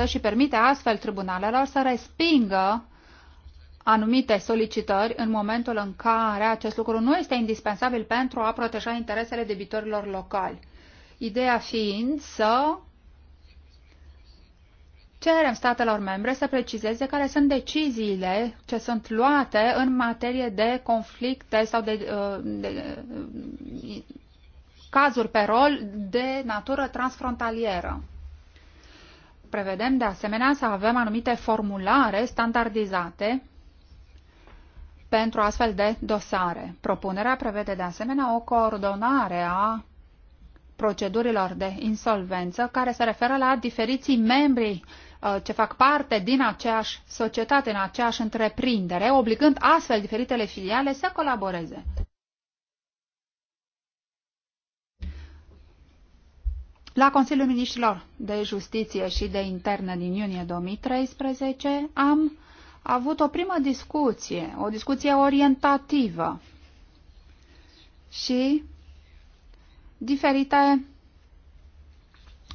instanță și permite astfel tribunalelor să respingă anumite solicitări în momentul în care acest lucru nu este indispensabil pentru a proteja interesele debitorilor locali. Ideea fiind să cerem statelor membre să precizeze care sunt deciziile ce sunt luate în materie de conflicte sau de, uh, de, de uh, cazuri pe rol de natură transfrontalieră. Prevedem de asemenea să avem anumite formulare standardizate pentru astfel de dosare. Propunerea prevede de asemenea o coordonare a procedurilor de insolvență care se referă la diferiții membri uh, ce fac parte din aceeași societate, în aceeași întreprindere, obligând astfel diferitele filiale să colaboreze. La Consiliul Ministrilor de Justiție și de Interne din iunie 2013 am avut o primă discuție, o discuție orientativă și diferite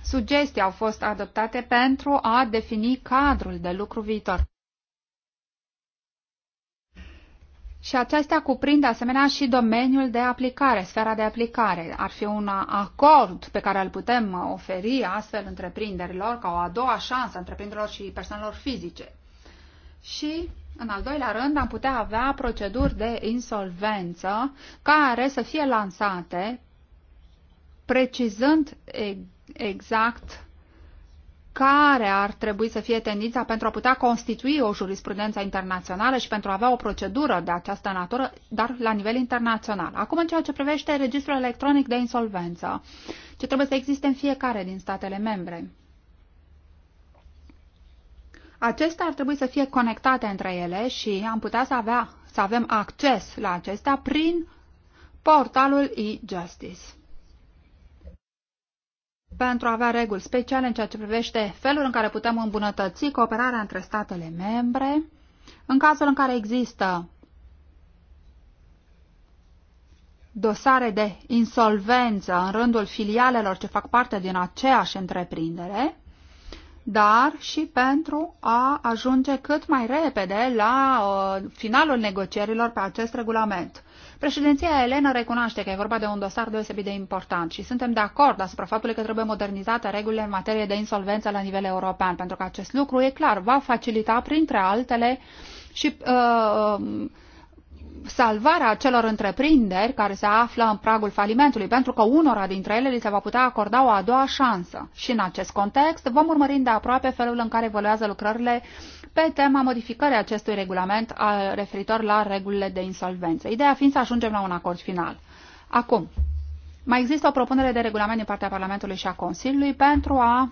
sugestii au fost adoptate pentru a defini cadrul de lucru viitor. Și acestea cuprind de asemenea și domeniul de aplicare, sfera de aplicare. Ar fi un acord pe care îl putem oferi astfel întreprinderilor ca o a doua șansă întreprinderilor și persoanelor fizice. Și, în al doilea rând, am putea avea proceduri de insolvență care să fie lansate precizând exact care ar trebui să fie tendința pentru a putea constitui o jurisprudență internațională și pentru a avea o procedură de această natură, dar la nivel internațional. Acum, în ceea ce privește registrul electronic de insolvență, ce trebuie să existe în fiecare din statele membre. Acestea ar trebui să fie conectate între ele și am putea să, avea, să avem acces la acestea prin portalul e-justice pentru a avea reguli speciale în ceea ce privește felul în care putem îmbunătăți cooperarea între statele membre, în cazul în care există dosare de insolvență în rândul filialelor ce fac parte din aceeași întreprindere, dar și pentru a ajunge cât mai repede la uh, finalul negocierilor pe acest regulament. Președinția Elena recunoaște că e vorba de un dosar deosebit de important și suntem de acord asupra faptului că trebuie modernizate regulile în materie de insolvență la nivel european, pentru că acest lucru, e clar, va facilita, printre altele, și uh, salvarea acelor întreprinderi care se află în pragul falimentului, pentru că unora dintre ele li se va putea acorda o a doua șansă. Și în acest context vom urmări de aproape felul în care evoluează lucrările pe tema modificării acestui regulament referitor la regulile de insolvență. Ideea fiind să ajungem la un acord final. Acum, mai există o propunere de regulament din partea Parlamentului și a Consiliului pentru a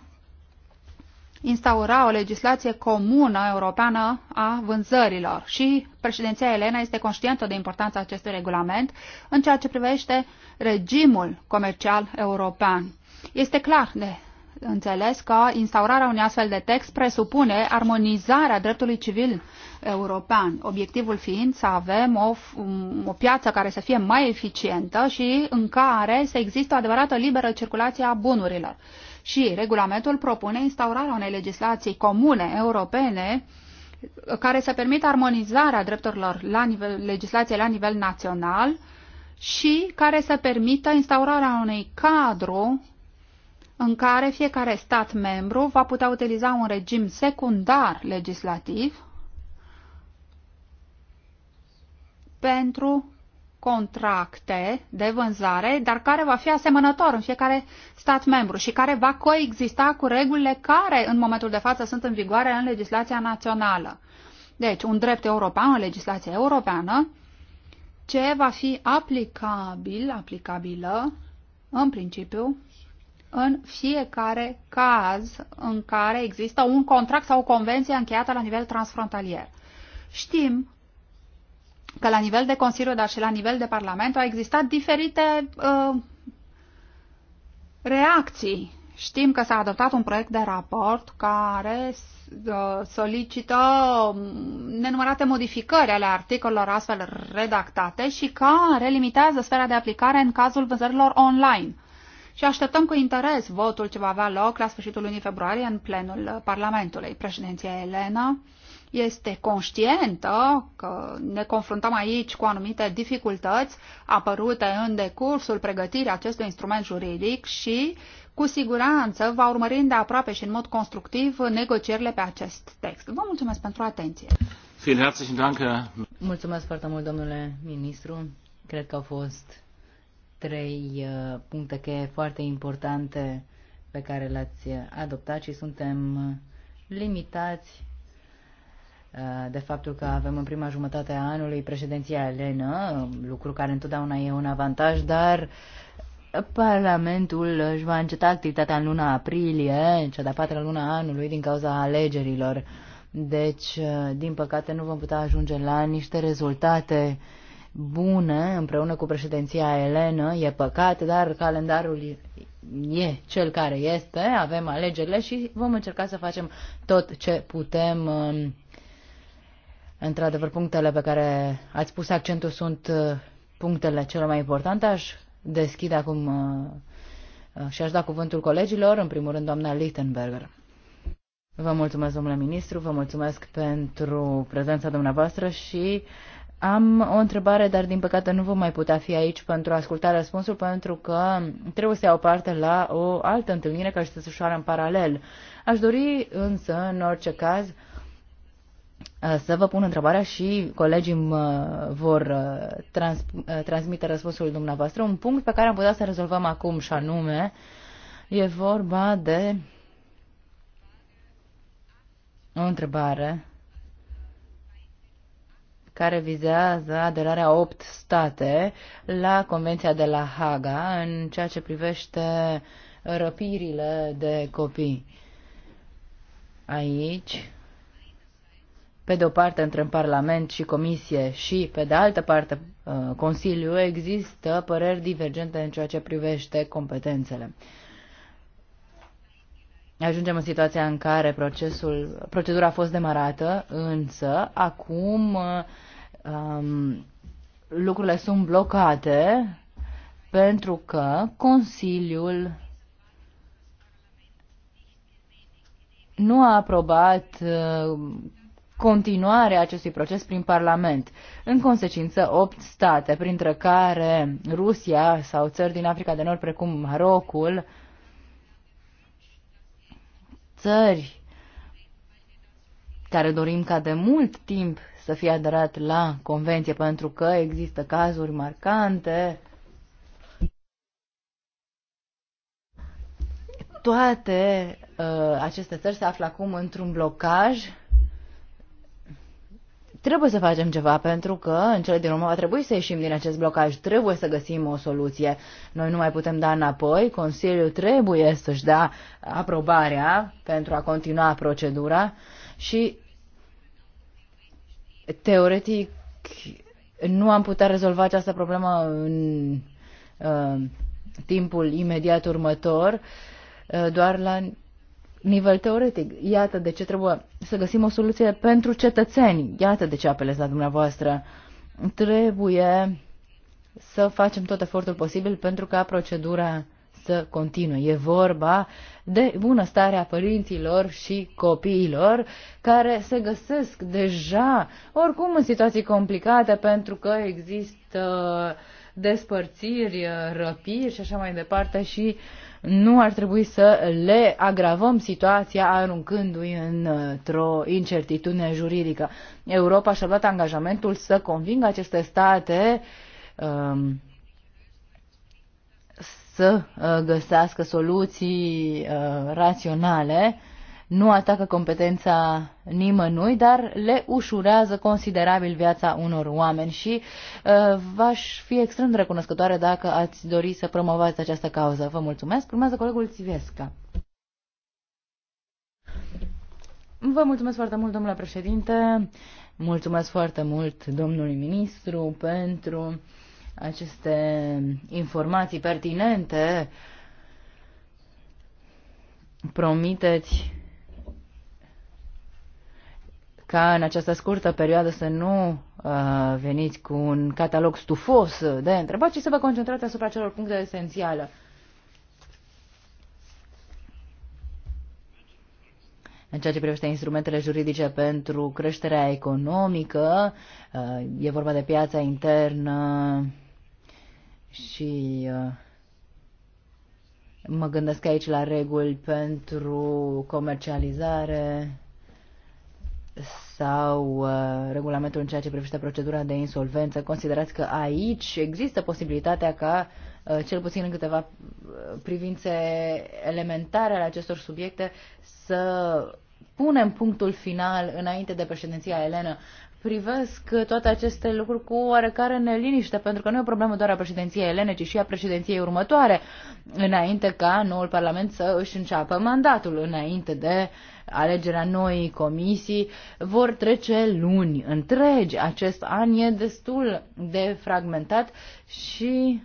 instaura o legislație comună europeană a vânzărilor și președinția Elena este conștientă de importanța acestui regulament în ceea ce privește regimul comercial european. Este clar de înțeles că instaurarea unui astfel de text presupune armonizarea dreptului civil european, obiectivul fiind să avem o, o piață care să fie mai eficientă și în care să există o adevărată liberă circulație a bunurilor. Și regulamentul propune instaurarea unei legislații comune europene care să permită armonizarea drepturilor la nivel, legislației la nivel național și care să permită instaurarea unui cadru în care fiecare stat membru va putea utiliza un regim secundar legislativ pentru contracte de vânzare, dar care va fi asemănător în fiecare stat membru și care va coexista cu regulile care în momentul de față sunt în vigoare în legislația națională. Deci, un drept european, o legislație europeană, ce va fi aplicabil, aplicabilă, în principiu, în fiecare caz în care există un contract sau o convenție încheiată la nivel transfrontalier. Știm că la nivel de Consiliu, dar și la nivel de Parlament, au existat diferite uh, reacții. Știm că s-a adoptat un proiect de raport care uh, solicită um, nenumărate modificări ale articolelor astfel redactate și care limitează sfera de aplicare în cazul vânzărilor online. Și așteptăm cu interes votul ce va avea loc la sfârșitul lunii februarie în plenul uh, Parlamentului. Președinția Elena este conștientă că ne confruntăm aici cu anumite dificultăți apărute în decursul pregătirii acestui instrument juridic și cu siguranță va urmări de aproape și în mod constructiv negocierile pe acest text. Vă mulțumesc pentru atenție. Mulțumesc foarte mult, domnule ministru. Cred că au fost trei uh, puncte cheie foarte importante pe care le-ați adoptat și suntem uh, limitați Eh, de faptul că avem în prima jumătate a anului președinția elenă, lucru care întotdeauna e un avantaj, dar Parlamentul își va înceta activitatea în luna aprilie, cea de-a patra luna anului, din cauza alegerilor. Deci, eh, din păcate, nu vom putea ajunge la niște rezultate bune împreună cu președinția elenă. E păcat, dar calendarul e cel care este, avem alegerile și vom încerca să facem tot ce putem eh, Într-adevăr, punctele pe care ați pus accentul sunt uh, punctele cele mai importante. Aș deschid acum uh, uh, și aș da cuvântul colegilor, în primul rând doamna Lichtenberger. Vă mulțumesc, domnule ministru, vă mulțumesc pentru prezența dumneavoastră și am o întrebare, dar din păcate nu vom mai putea fi aici pentru a asculta răspunsul, pentru că trebuie să iau parte la o altă întâlnire care se desfășoară în paralel. Aș dori însă, în orice caz, Uh, să vă pun întrebarea și colegii mă vor uh, trans, uh, transmite răspunsul dumneavoastră. Un punct pe care am putea să rezolvăm acum și anume e vorba de o întrebare care vizează aderarea 8 state la Convenția de la Haga în ceea ce privește răpirile de copii. Aici pe de o parte între Parlament și Comisie și pe de altă parte uh, Consiliu există păreri divergente în ceea ce privește competențele. Ajungem în situația în care procesul, procedura a fost demarată, însă acum uh, um, lucrurile sunt blocate pentru că Consiliul nu a aprobat uh, continuare a acestui proces prin Parlament. În consecință, opt state, printre care Rusia sau țări din Africa de Nord, precum Marocul, țări care dorim ca de mult timp să fie aderat la convenție, pentru că există cazuri marcante. Toate uh, aceste țări se află acum într-un blocaj Trebuie să facem ceva pentru că în cele din urmă va trebui să ieșim din acest blocaj, trebuie să găsim o soluție. Noi nu mai putem da înapoi, Consiliul trebuie să-și dea aprobarea pentru a continua procedura și teoretic nu am putea rezolva această problemă în uh, timpul imediat următor, uh, doar la nivel teoretic. Iată de ce trebuie să găsim o soluție pentru cetățeni. Iată de ce apelez la dumneavoastră. Trebuie să facem tot efortul posibil pentru ca procedura să continue. E vorba de bunăstarea părinților și copiilor care se găsesc deja oricum în situații complicate pentru că există uh, despărțiri, răpiri și așa mai departe și nu ar trebui să le agravăm situația aruncându-i într-o incertitudine juridică. Europa și-a luat angajamentul să convingă aceste state um, să uh, găsească soluții uh, raționale uh, nu atacă competența nimănui, dar le ușurează considerabil viața unor oameni și uh, v-aș fi extrem de recunoscătoare dacă ați dori să promovați această cauză. Vă mulțumesc. Urmează colegul Țivesca. Vă mulțumesc foarte mult, domnule președinte. Mulțumesc foarte mult domnului ministru pentru aceste informații pertinente. Promiteți ca în această scurtă perioadă să nu uh, veniți cu un catalog stufos de întrebări, ci să vă concentrați asupra celor puncte esențiale. În ceea ce privește instrumentele juridice pentru creșterea economică, uh, e vorba de piața internă și uh, mă gândesc aici la reguli pentru comercializare, sau uh, regulamentul în ceea ce privește procedura de insolvență, considerați că aici există posibilitatea ca, uh, cel puțin în câteva uh, privințe elementare ale acestor subiecte, să punem punctul final înainte de președinția elenă. Privesc toate aceste lucruri cu oarecare neliniște, pentru că nu e o problemă doar a președinției elene, ci și a președinției următoare, înainte ca noul Parlament să își înceapă mandatul, înainte de alegerea noii comisii, vor trece luni întregi. Acest an e destul de fragmentat și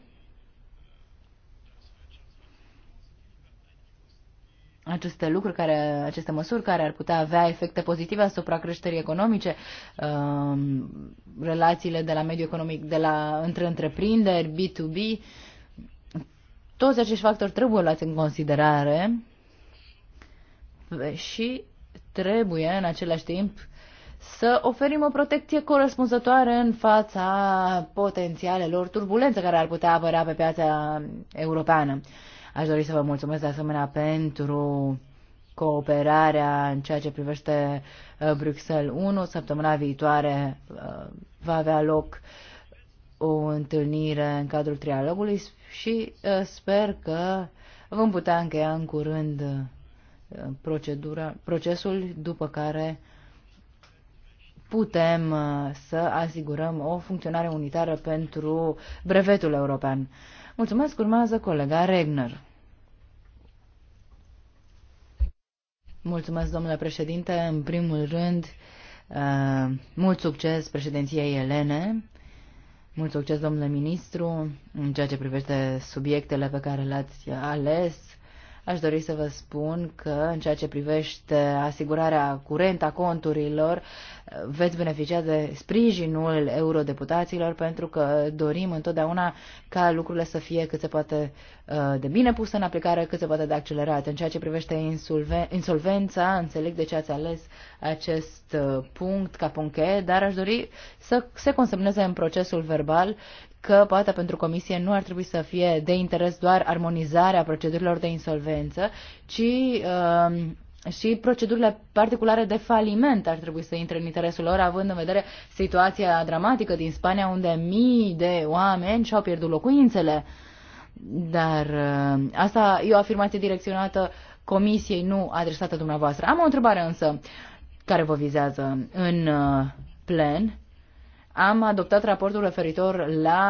aceste lucruri, care, aceste măsuri care ar putea avea efecte pozitive asupra creșterii economice, um, relațiile de la mediul economic, de la între întreprinderi, B2B, toți acești factori trebuie luați în considerare și trebuie în același timp să oferim o protecție corespunzătoare în fața potențialelor turbulențe care ar putea apărea pe piața europeană. Aș dori să vă mulțumesc de asemenea pentru cooperarea în ceea ce privește uh, Bruxelles 1. Săptămâna viitoare uh, va avea loc o întâlnire în cadrul trialogului și uh, sper că vom putea încheia în curând procedura, procesul după care putem să asigurăm o funcționare unitară pentru brevetul european. Mulțumesc, urmează colega Regner. Mulțumesc, domnule președinte. În primul rând, uh, mult succes președinției Elene. Mult succes, domnule ministru, în ceea ce privește subiectele pe care le-ați ales Aș dori să vă spun că în ceea ce privește asigurarea curentă a conturilor, veți beneficia de sprijinul eurodeputaților pentru că dorim întotdeauna ca lucrurile să fie cât se poate uh, de bine puse în aplicare, cât se poate de accelerate. În ceea ce privește insolven- insolvența, înțeleg de ce ați ales acest uh, punct ca punct cheie, dar aș dori să se consemneze în procesul verbal că poate pentru Comisie nu ar trebui să fie de interes doar armonizarea procedurilor de insolvență, ci uh, și procedurile particulare de faliment ar trebui să intre în interesul lor, având în vedere situația dramatică din Spania, unde mii de oameni și-au pierdut locuințele. Dar uh, asta e o afirmație direcționată Comisiei, nu adresată dumneavoastră. Am o întrebare însă care vă vizează în uh, plen am adoptat raportul referitor la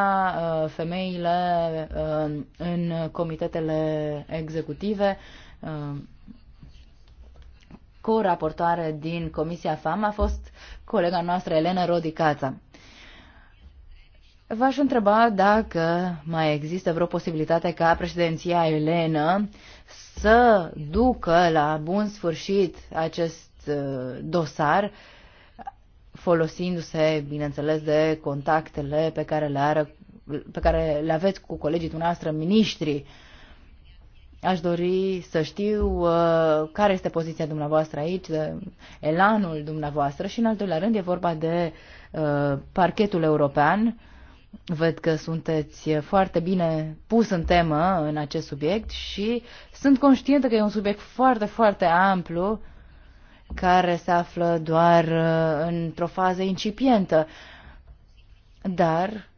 uh, femeile uh, în comitetele executive. Uh, cu raportoare din Comisia FAM a fost colega noastră Elena Rodicața. V-aș întreba dacă mai există vreo posibilitate ca președinția Elena să ducă la bun sfârșit acest uh, dosar uh, folosindu-se, bineînțeles, de contactele pe care le, are, pe care le aveți cu colegii dumneavoastră, miniștrii. Aș dori să știu uh, care este poziția dumneavoastră aici, de elanul dumneavoastră și, în al doilea rând, e vorba de uh, parchetul european. Văd că sunteți foarte bine pus în temă în acest subiect și sunt conștientă că e un subiect foarte, foarte amplu uh, care se află doar uh, într-o fază incipientă. Dar,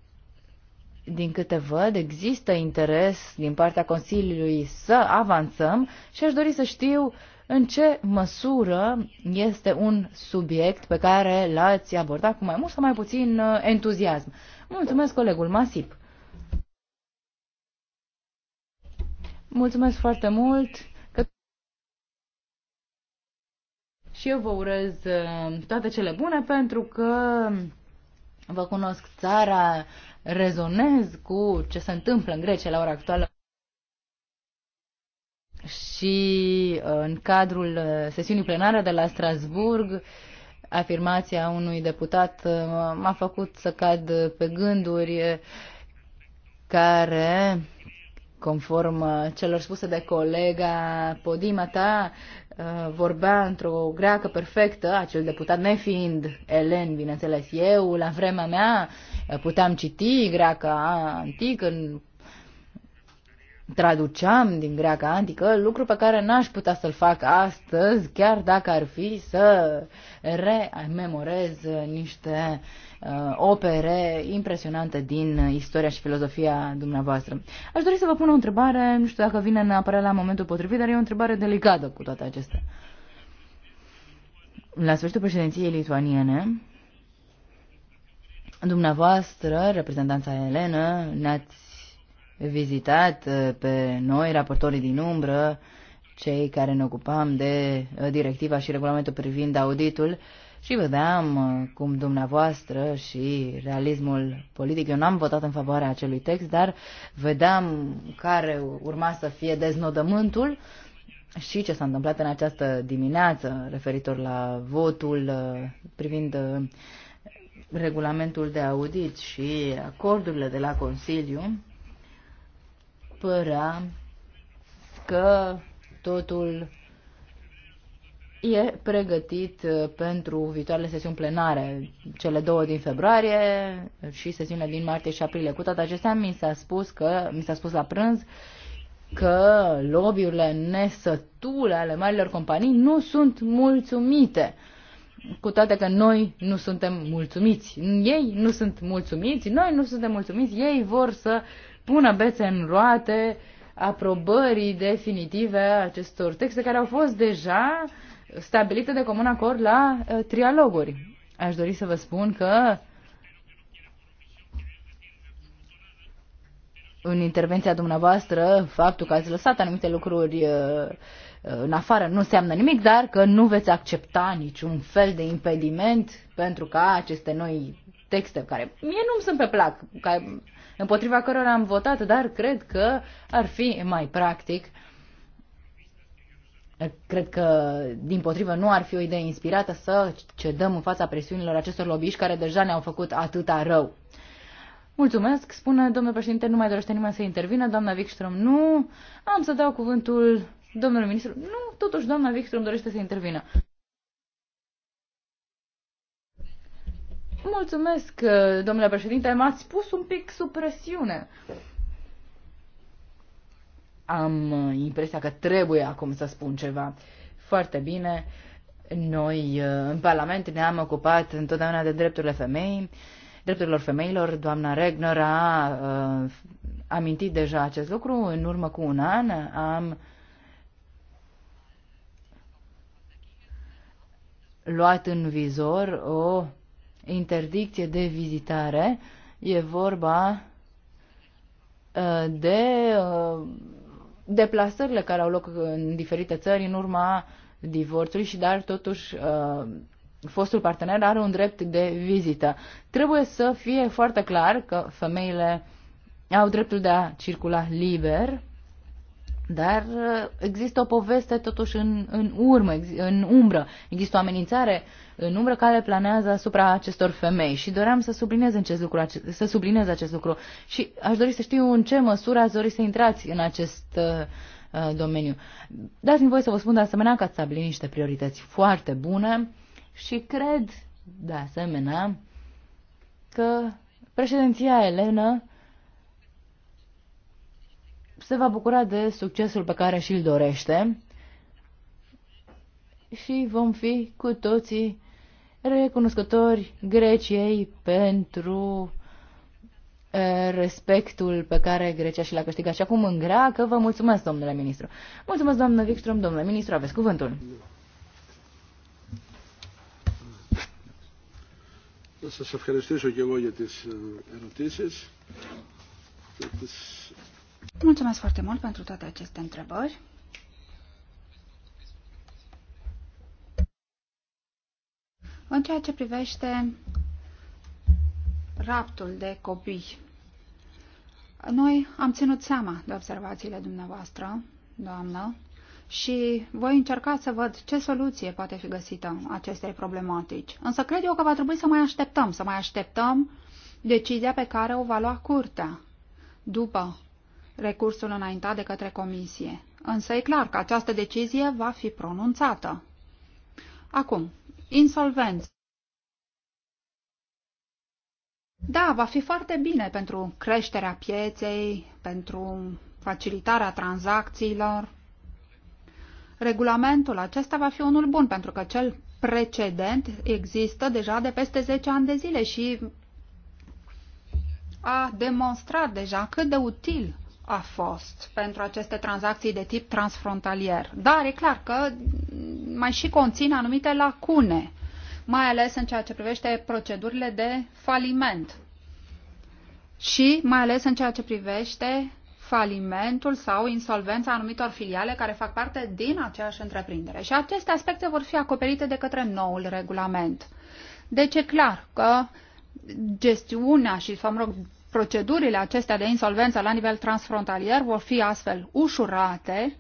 din câte văd, există interes din partea Consiliului să avansăm și aș dori să știu în ce măsură este un subiect pe care l-ați abordat cu mai mult sau mai puțin uh, entuziasm. Mulțumesc, colegul Masip. Mulțumesc foarte mult. și eu vă urez uh, toate cele bune pentru că vă cunosc țara, rezonez cu ce se întâmplă în Grecia la ora actuală și uh, în cadrul uh, sesiunii plenare de la Strasburg afirmația unui deputat m-a făcut să cad pe gânduri care conform uh, celor spuse de colega Podimata, uh, vorbea într-o greacă perfectă, acel deputat nefiind elen, bineînțeles, eu, la vremea mea, uh, puteam citi greaca antică, traduceam din greaca antică, lucru pe care n-aș putea să-l fac astăzi, chiar dacă ar fi să rememorez niște uh, opere impresionante din istoria și filozofia dumneavoastră. Aș dori să vă pun o întrebare, nu știu dacă vine neapărat la momentul potrivit, dar e o întrebare delicată cu toate acestea. La sfârșitul președinției lituaniene, dumneavoastră, reprezentanța Elena, ne-ați vizitat uh, pe noi, raportorii din umbră, cei care ne ocupam de uh, directiva și regulamentul privind auditul și vedeam uh, cum dumneavoastră și realismul politic, eu n-am votat în favoarea acelui text, dar vedeam care urma să fie deznodământul și ce s-a întâmplat în această dimineață referitor la votul privind regulamentul de audit și acordurile de la Consiliu părea că totul e pregătit uh, pentru viitoarele sesiuni plenare, cele două din februarie și sesiunile din martie și aprilie. Cu toate acestea, mi s-a spus că mi s-a spus la prânz că lobbyurile nesătule ale marilor companii nu sunt mulțumite. Cu toate că noi nu suntem mulțumiți. Ei nu sunt mulțumiți, noi nu suntem mulțumiți, ei vor să uh, pună bețe în roate aprobării definitive acestor texte care au fost deja stabilite de comun acord la uh, trialoguri. Aș dori să vă spun că în intervenția dumneavoastră, faptul că ați lăsat anumite lucruri uh, în afară nu înseamnă nimic, dar că nu veți accepta niciun fel de impediment pentru ca aceste noi texte, care mie nu-mi sunt pe plac, care împotriva cărora am votat, dar cred că ar fi mai practic Cred că, din potrivă, nu ar fi o idee inspirată să cedăm în fața presiunilor acestor lobiști care deja ne-au făcut atâta rău. Mulțumesc, spune domnul președinte, nu mai dorește nimeni să intervină, doamna Wikström nu, am să dau cuvântul domnului ministru. Nu, totuși doamna Wikström dorește să intervină. Mulțumesc, uh, domnule președinte, m-ați pus un pic sub presiune. Am uh, impresia că trebuie acum să spun ceva. Foarte bine, noi uh, în Parlament ne-am ocupat întotdeauna de drepturile femei, drepturilor femeilor. Doamna Regner a amintit deja acest lucru. În urmă cu un an am luat în vizor o interdicție de vizitare. E vorba uh, de uh, deplasările care au loc în diferite țări în urma divorțului și dar totuși uh, fostul partener are un drept de vizită. Trebuie să fie foarte clar că femeile au dreptul de a circula liber dar uh, există o poveste totuși în, în urmă, în umbră. Există o amenințare în umbră care planează asupra acestor femei și doream să subliniez acest lucru, să subliniez acest lucru. Și aș dori să știu în ce măsură ați dori să intrați în acest uh, uh, domeniu. Dați-mi voie să vă spun de asemenea că ați stabilit niște priorități foarte bune și cred de asemenea că președinția Elena se va bucura de succesul pe care și-l dorește și vom fi cu toții recunoscători Greciei pentru respectul pe care Grecia și l-a câștigat și acum în greacă. Vă mulțumesc, domnule ministru. Mulțumesc, doamnă Wikström, domnule ministru, aveți cuvântul. Să vă mulțumesc și eu pentru τις Mulțumesc foarte mult pentru toate aceste întrebări. În ceea ce privește raptul de copii, noi am ținut seama de observațiile dumneavoastră, doamnă, și voi încerca să văd ce soluție poate fi găsită acestei problematici. Însă cred eu că va trebui să mai așteptăm, să mai așteptăm decizia pe care o va lua curtea după recursul înaintat de către comisie. Însă e clar că această decizie va fi pronunțată. Acum, insolvență. Da, va fi foarte bine pentru creșterea pieței, pentru facilitarea tranzacțiilor. Regulamentul acesta va fi unul bun, pentru că cel precedent există deja de peste 10 ani de zile și a demonstrat deja cât de util a fost pentru aceste tranzacții de tip transfrontalier. Dar e clar că mai și conține anumite lacune, mai ales în ceea ce privește procedurile de faliment și mai ales în ceea ce privește falimentul sau insolvența anumitor filiale care fac parte din aceeași întreprindere. Și aceste aspecte vor fi acoperite de către noul regulament. Deci e clar că gestiunea și, să mă rog, procedurile acestea de insolvență la nivel transfrontalier vor fi astfel ușurate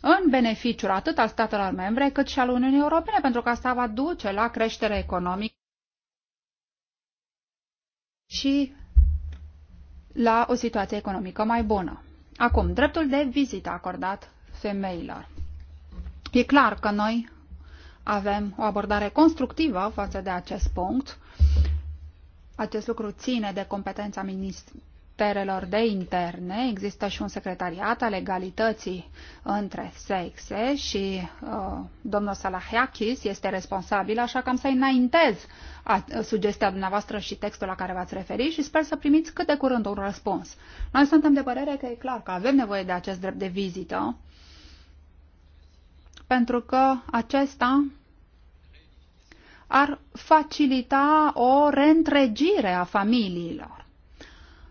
în beneficiul atât al statelor membre cât și al Uniunii Europene, pentru că asta va duce la creștere economică și la o situație economică mai bună. Acum, dreptul de vizită acordat femeilor. E clar că noi avem o abordare constructivă față de acest punct acest lucru ține de competența ministerelor de interne. Există și un secretariat al egalității între sexe și uh, domnul Salahiakis este responsabil, așa că am să înaintez a, sugestia dumneavoastră și textul la care v-ați referit și sper să primiți cât de curând un răspuns. Noi suntem de părere că e clar că avem nevoie de acest drept de vizită pentru că acesta ar facilita o reîntregire a familiilor.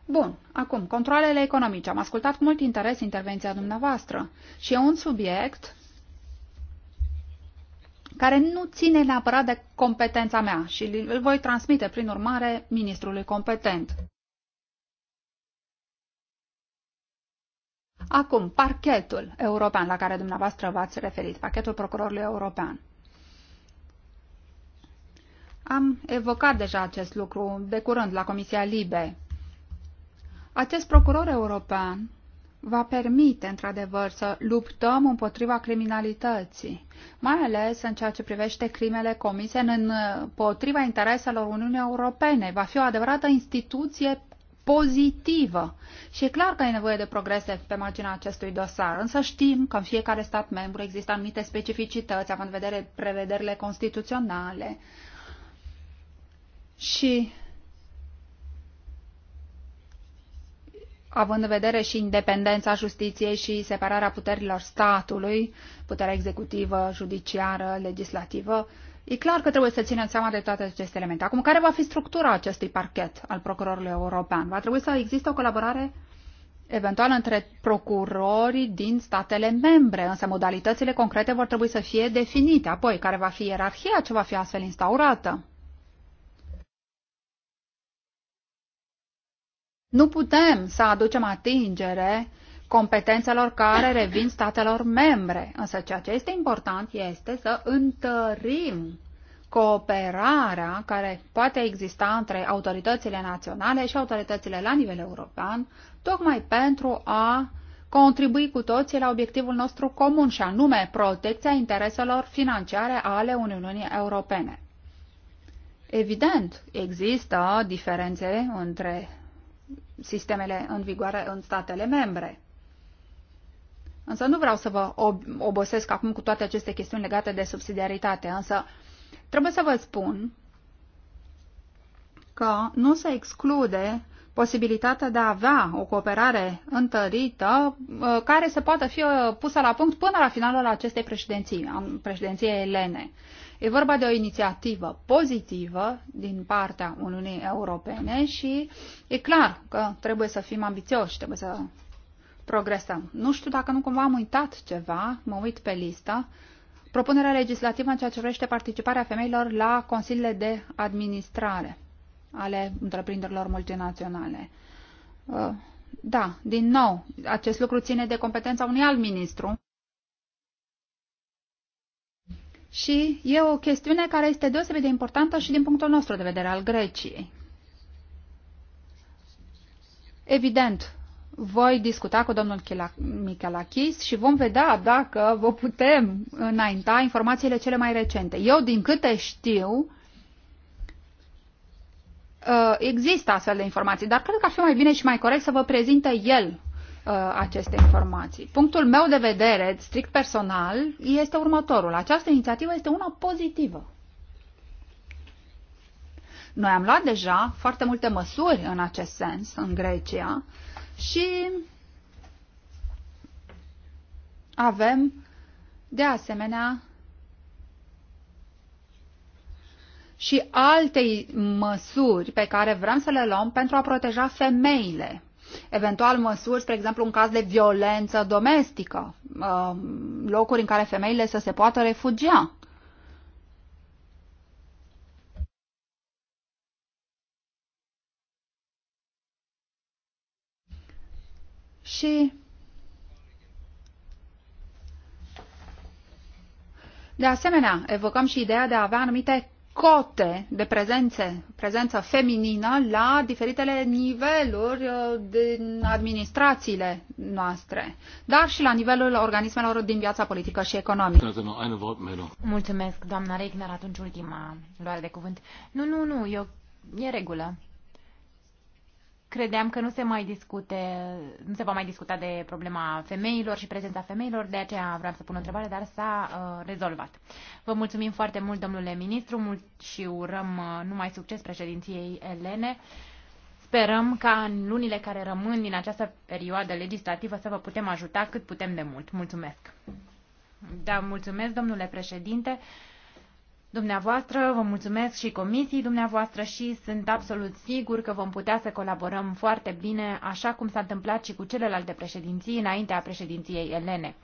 Bun, acum, controlele economice. Am ascultat cu mult interes intervenția dumneavoastră și e un subiect care nu ține neapărat de competența mea și îl voi transmite, prin urmare, ministrului competent. Acum, parchetul european la care dumneavoastră v-ați referit, pachetul procurorului european. Am evocat deja acest lucru de curând la Comisia Libe. Acest procuror european va permite, într-adevăr, să luptăm împotriva criminalității, mai ales în ceea ce privește crimele comise în împotriva intereselor Uniunii Europene. Va fi o adevărată instituție pozitivă. Și e clar că e nevoie de progrese pe marginea acestui dosar, însă știm că în fiecare stat membru există anumite specificități, având în vedere prevederile constituționale, și având în vedere și independența justiției și separarea puterilor statului, puterea executivă, judiciară, legislativă, e clar că trebuie să ținem seama de toate aceste elemente. Acum, care va fi structura acestui parchet al procurorului european? Va trebui să existe o colaborare eventual între procurorii din statele membre, însă modalitățile concrete vor trebui să fie definite. Apoi, care va fi ierarhia ce va fi astfel instaurată? Nu putem să aducem atingere competențelor care revin statelor membre. Însă ceea ce este important este să întărim cooperarea care poate exista între autoritățile naționale și autoritățile la nivel european, tocmai pentru a contribui cu toții la obiectivul nostru comun și anume protecția intereselor financiare ale Uniunii Europene. Evident, există diferențe între sistemele în vigoare în statele membre. Însă nu vreau să vă obosesc acum cu toate aceste chestiuni legate de subsidiaritate, însă trebuie să vă spun că nu se exclude posibilitatea de a avea o cooperare întărită uh, care să poată fi uh, pusă la punct până la finalul acestei președinții, um, președinției elene. E vorba de o inițiativă pozitivă din partea Uniunii Europene și e clar că trebuie să fim ambițioși, trebuie să progresăm. Nu știu dacă nu cumva am uitat ceva, mă uit pe listă. Propunerea legislativă în ceea ce privește participarea femeilor la consiliile de administrare ale întreprinderilor multinaționale. Uh, da, din nou, acest lucru ține de competența unui alt ministru Și e o chestiune care este deosebit de importantă și din punctul nostru de vedere al Greciei. Evident, voi discuta cu domnul Michalakis și vom vedea dacă vă putem înainta informațiile cele mai recente. Eu, din câte știu, uh, există astfel de informații, dar cred că ar fi mai bine și mai corect să vă prezinte el Uh, aceste informații. Punctul meu de vedere, strict personal, este următorul. Această inițiativă este una pozitivă. Noi am luat deja foarte multe măsuri în acest sens în Grecia și avem de asemenea și alte măsuri pe care vrem să le luăm pentru a proteja femeile eventual măsuri, spre exemplu, în caz de violență domestică, um, locuri în care femeile să se poată refugia. Și de asemenea, evocăm și ideea de a avea anumite cote de prezențe, prezență feminină la diferitele niveluri uh, din administrațiile noastre, dar și la nivelul organismelor din viața politică și economică. Mulțumesc, doamna Regner, atunci ultima luare de cuvânt. Nu, nu, nu, eu, e regulă credeam că nu se mai discute, nu se va mai discuta de problema femeilor și prezența femeilor, de aceea vreau să pun o întrebare, dar s-a uh, rezolvat. Vă mulțumim foarte mult, domnule ministru, mult și urăm uh, numai succes președinției Elene. Sperăm ca în lunile care rămân din această perioadă legislativă să vă putem ajuta cât putem de mult. Mulțumesc! Da, mulțumesc, domnule președinte dumneavoastră, vă mulțumesc și comisiei dumneavoastră și sunt absolut sigur că vom putea să colaborăm foarte bine, așa cum s-a întâmplat și cu celelalte președinții înaintea președinției elene.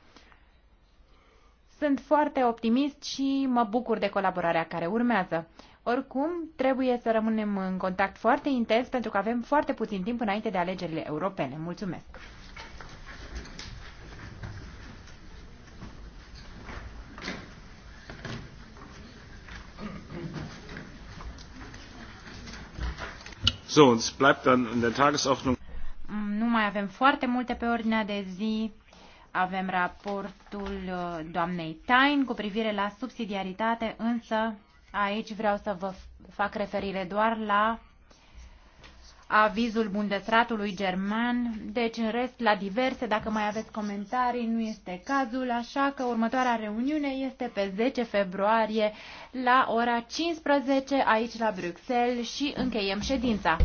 Sunt foarte optimist și mă bucur de colaborarea care urmează. Oricum, trebuie să rămânem în contact foarte intens pentru că avem foarte puțin timp înainte de alegerile europene. Mulțumesc! So, uns bleibt dann in der Tagesordnung. Nu mai avem foarte multe pe ordinea de zi. Avem raportul uh, doamnei Tain cu privire la subsidiaritate, însă aici vreau să vă fac referire doar la avizul Bundesratului german. Deci, în rest, la diverse, dacă mai aveți comentarii, nu este cazul, așa că următoarea reuniune este pe 10 februarie la ora 15 aici la Bruxelles și încheiem ședința.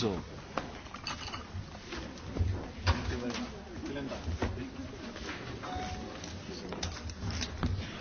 So.